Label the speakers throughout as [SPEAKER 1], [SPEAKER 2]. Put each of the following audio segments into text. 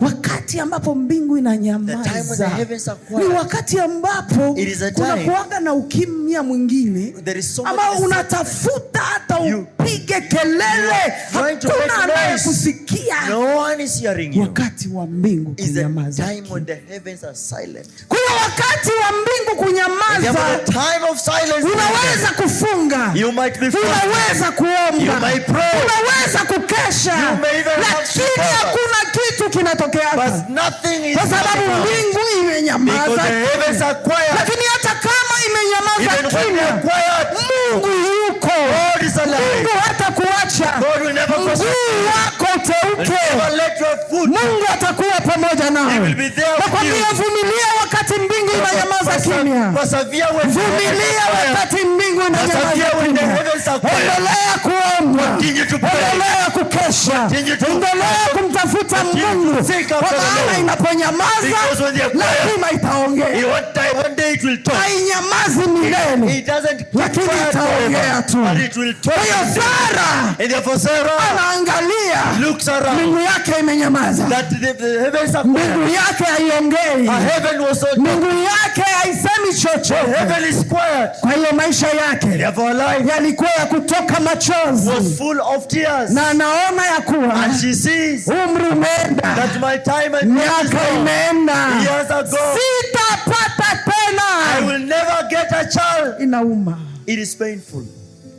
[SPEAKER 1] Wakati ambapo mbingu inanyamaza ni wakati ambapo kunakuanga na ukimya mwingine so ambao unatafuta hata upige kelele, hakuna anayekusikia. Wakati wa mbingu kunyamaza, kwa wakati wa mbingu kunyamazaunaweza kufungaunaweza kufunga, unaweza kukesha, lakini hakuna kitu kinatokea, kwa sababu mbingu imenyamazalakini hata kama imenyamaza kimya, Mungu yuko. Mungu wako uteuke. Mungu atakuwa pamoja nawe, nakwambia Vumilia wakati mbingu inanyamaza, endelea kuomba, endelea kukesha, endelea kumtafuta Mungu, kwa maana inaponyamaza lazima itaongea. Hainyamazi milele, lakini itaongea tu. Kwa hiyo Sara anaangalia Mbingu yake imenyamaza, mbingu yake haiongei, mbingu yake haisemi chochote. Kwa hiyo maisha yake yalikuwa ya kutoka machozi, na anaona ya kuwa umri umeenda, miaka imeenda, sitapata tena. Inauma,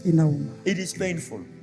[SPEAKER 1] inauma.